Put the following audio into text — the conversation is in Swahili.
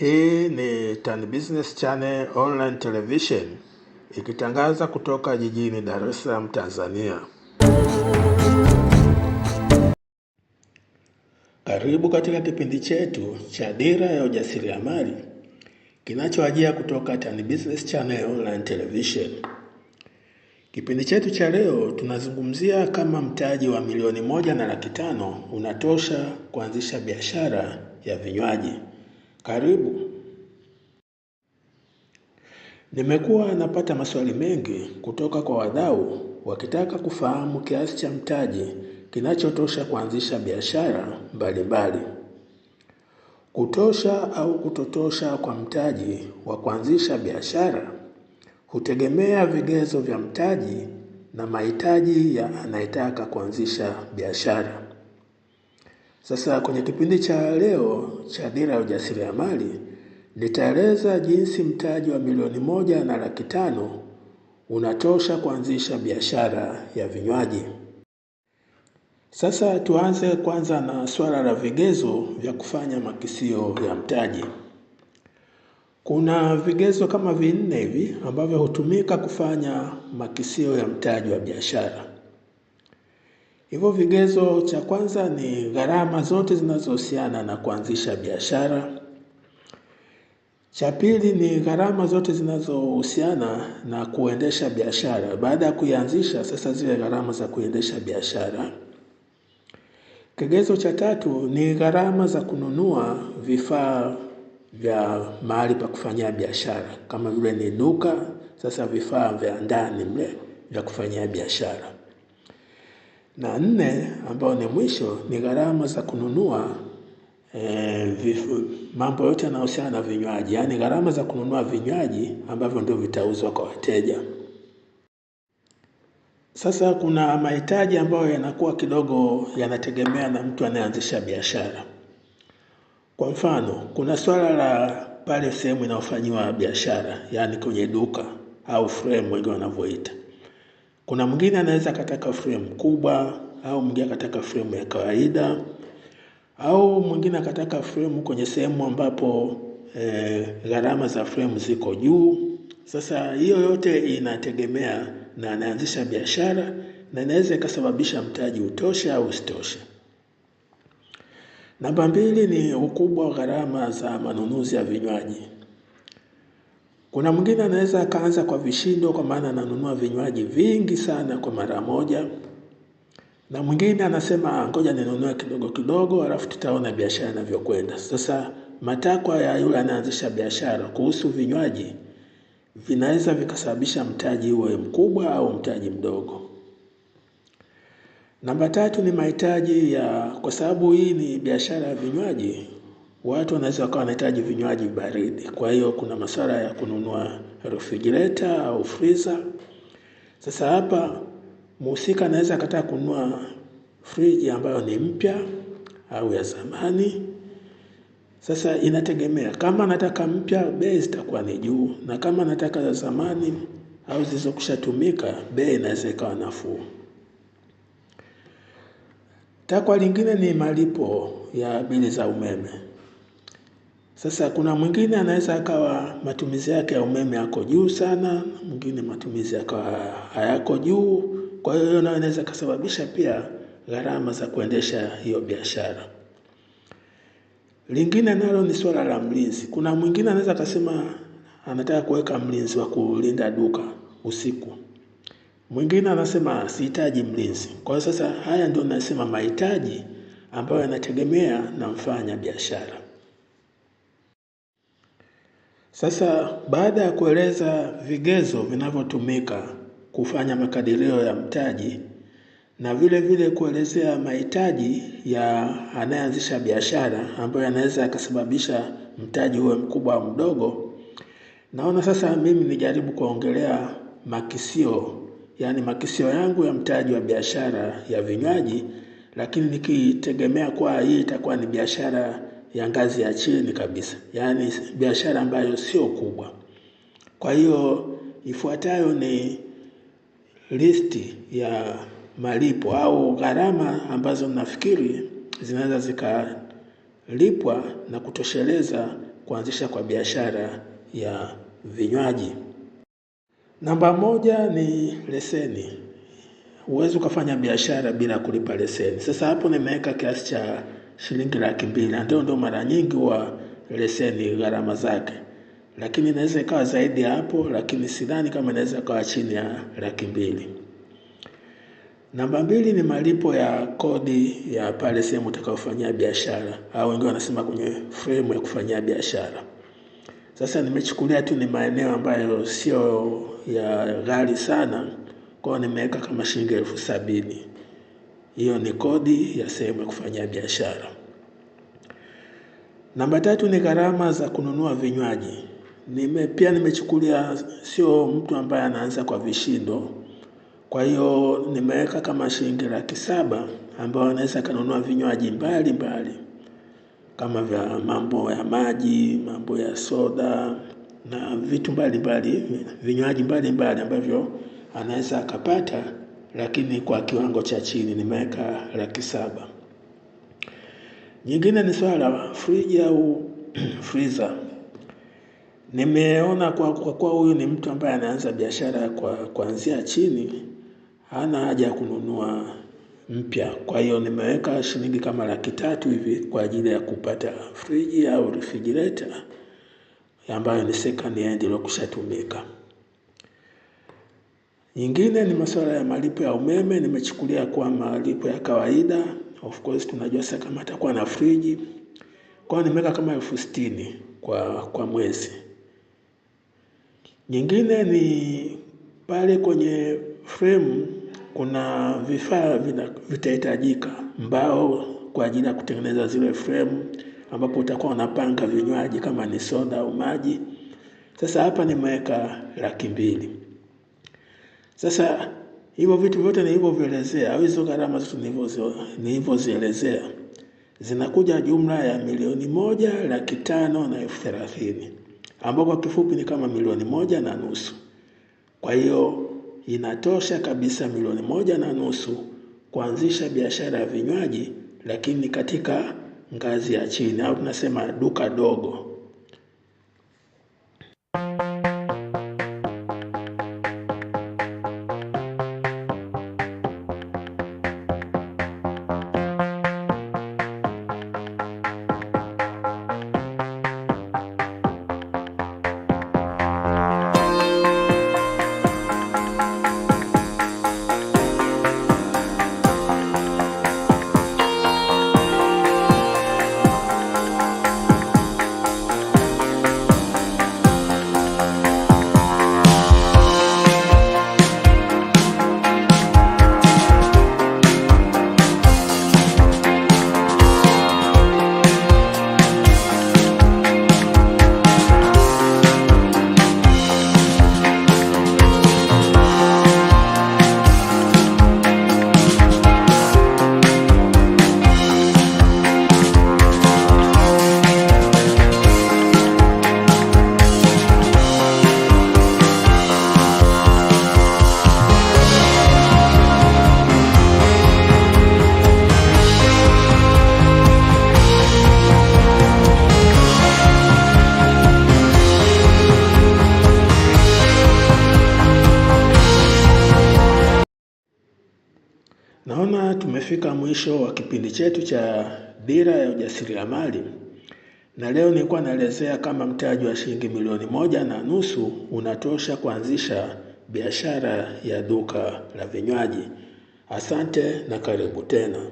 Hii ni Tan Business Channel Online Television ikitangaza kutoka jijini Dar es Salaam, Tanzania. Karibu katika kipindi chetu cha Dira ya Ujasiriamali kinachoajia kutoka Tan Business Channel Online Television. Kipindi chetu cha leo tunazungumzia kama mtaji wa milioni moja na laki tano unatosha kuanzisha biashara ya vinywaji. Karibu. Nimekuwa napata maswali mengi kutoka kwa wadau wakitaka kufahamu kiasi cha mtaji kinachotosha kuanzisha biashara mbalimbali. Kutosha au kutotosha kwa mtaji wa kuanzisha biashara hutegemea vigezo vya mtaji na mahitaji ya anayetaka kuanzisha biashara. Sasa kwenye kipindi cha leo cha Dira ya Ujasiriamali nitaeleza jinsi mtaji wa milioni moja na laki tano unatosha kuanzisha biashara ya vinywaji. Sasa tuanze kwanza na swala la vigezo vya kufanya makisio ya mtaji. Kuna vigezo kama vinne hivi ambavyo hutumika kufanya makisio ya mtaji wa biashara. Hivyo vigezo cha kwanza ni gharama zote zinazohusiana na kuanzisha biashara. Cha pili ni gharama zote zinazohusiana na kuendesha biashara. Baada ya kuianzisha sasa zile gharama za kuendesha biashara. Kigezo cha tatu ni gharama za kununua vifaa vya mahali pa kufanyia biashara. Kama vile ni duka, sasa vifaa vya ndani mle vya kufanyia biashara. Na nne ambao ni mwisho ni gharama za kununua e, vifu, mambo yote yanayohusiana na vinywaji, yaani gharama za kununua vinywaji ambavyo ndio vitauzwa kwa wateja. Sasa kuna mahitaji ambayo yanakuwa kidogo yanategemea na mtu anayeanzisha biashara. Kwa mfano, kuna swala la pale sehemu inayofanyiwa biashara, yaani kwenye duka au fremu wengi wanavyoita. Kuna mwingine anaweza akataka frame kubwa au mwingine akataka frame ya kawaida au mwingine akataka frame kwenye sehemu ambapo e, gharama za frame ziko juu. Sasa hiyo yote inategemea na anaanzisha biashara na inaweza ikasababisha mtaji utoshe au usitoshe. Namba mbili ni ukubwa wa gharama za manunuzi ya vinywaji. Kuna mwingine anaweza akaanza kwa vishindo, kwa maana ananunua vinywaji vingi sana kwa mara moja, na mwingine anasema ah, ngoja ninunue kidogo kidogo, alafu tutaona biashara inavyokwenda. Sasa matakwa ya yule anaanzisha biashara kuhusu vinywaji vinaweza vikasababisha mtaji uwe mkubwa au mtaji mdogo. Namba tatu ni mahitaji ya, kwa sababu hii ni biashara ya vinywaji, watu wanaweza wakawa wanahitaji vinywaji baridi, kwa hiyo kuna masuala ya kununua refrigerator au freezer. Sasa hapa mhusika anaweza akataka kununua friji ambayo ni mpya au ya zamani. Sasa inategemea, kama anataka mpya bei zitakuwa ni juu, na kama anataka za zamani au zilizokushatumika bei inaweza ikawa nafuu. Takwa lingine ni malipo ya bili za umeme. Sasa kuna mwingine anaweza akawa matumizi yake ya umeme yako juu sana, mwingine matumizi yakawa hayako juu. Kwa hiyo hiyo nayo inaweza kusababisha pia gharama za kuendesha hiyo biashara. Lingine nalo ni swala la mlinzi. Kuna mwingine anaweza akasema anataka kuweka mlinzi wa kulinda duka usiku, mwingine anasema sihitaji mlinzi. Kwa hiyo sasa, haya ndio nasema mahitaji ambayo yanategemea na mfanya biashara. Sasa baada ya kueleza vigezo vinavyotumika kufanya makadirio ya mtaji na vile vile kuelezea mahitaji ya anayeanzisha biashara ambayo yanaweza yakasababisha mtaji uwe mkubwa au mdogo, naona sasa mimi nijaribu kuongelea makisio, yaani makisio yangu ya mtaji wa biashara ya vinywaji, lakini nikitegemea kuwa hii itakuwa ni biashara ya ngazi ya chini kabisa, yaani biashara ambayo sio kubwa. Kwa hiyo ifuatayo ni listi ya malipo au gharama ambazo nafikiri zinaweza zikalipwa na kutosheleza kuanzisha kwa biashara ya vinywaji. Namba moja ni leseni. Huwezi ukafanya biashara bila kulipa leseni. Sasa hapo nimeweka kiasi cha shilingi laki mbili, na ndio ndio mara nyingi huwa leseni gharama zake, lakini inaweza ikawa zaidi ya hapo, lakini sidhani kama inaweza ikawa chini ya laki mbili. Namba mbili ni malipo ya kodi ya pale sehemu utakayofanyia biashara au wengine wanasema kwenye fremu ya kufanyia biashara. Sasa nimechukulia tu ni maeneo ambayo sio ya ghali sana, kwao nimeweka kama shilingi elfu sabini. Hiyo ni kodi ya sehemu ya kufanyia biashara. Namba tatu ni gharama za kununua vinywaji. Nime, pia nimechukulia sio mtu ambaye anaanza kwa vishindo, kwa hiyo nimeweka kama shilingi laki saba ambayo anaweza akanunua vinywaji mbalimbali kama vya mambo ya maji, mambo ya soda na vitu mbalimbali, vinywaji mbalimbali ambavyo anaweza akapata lakini kwa kiwango cha chini nimeweka laki saba. Nyingine ni swala la friji au freezer. Nimeona kwa kuwa huyu ni mtu ambaye anaanza biashara kwa kuanzia chini, hana haja ya kununua mpya. Kwa hiyo nimeweka shilingi kama laki tatu hivi kwa ajili ya kupata friji au refrigerator ambayo ni second hand iliyokushatumika. Nyingine ni masuala ya malipo ya umeme, nimechukulia kuwa malipo ya kawaida. Of course tunajua sasa kama atakuwa na friji. Kwa nimeweka kama elfu sitini kwa, kwa mwezi. Nyingine ni pale kwenye frame kuna vifaa vitahitajika mbao kwa ajili ya kutengeneza zile frame ambapo utakuwa unapanga vinywaji kama ni soda au maji. Sasa hapa nimeweka laki mbili. Sasa hivyo vitu vyote nilivyovielezea, au hizo gharama zote nilivyozielezea zinakuja jumla ya milioni moja laki tano na elfu thelathini ambao kwa kifupi ni kama milioni moja na nusu. Kwa hiyo inatosha kabisa milioni moja na nusu kuanzisha biashara ya vinywaji, lakini katika ngazi ya chini au tunasema duka dogo. tumefika mwisho wa kipindi chetu cha Dira ya Ujasiriamali, na leo nilikuwa naelezea kama mtaji wa shilingi milioni moja na nusu unatosha kuanzisha biashara ya duka la vinywaji. Asante na karibu tena.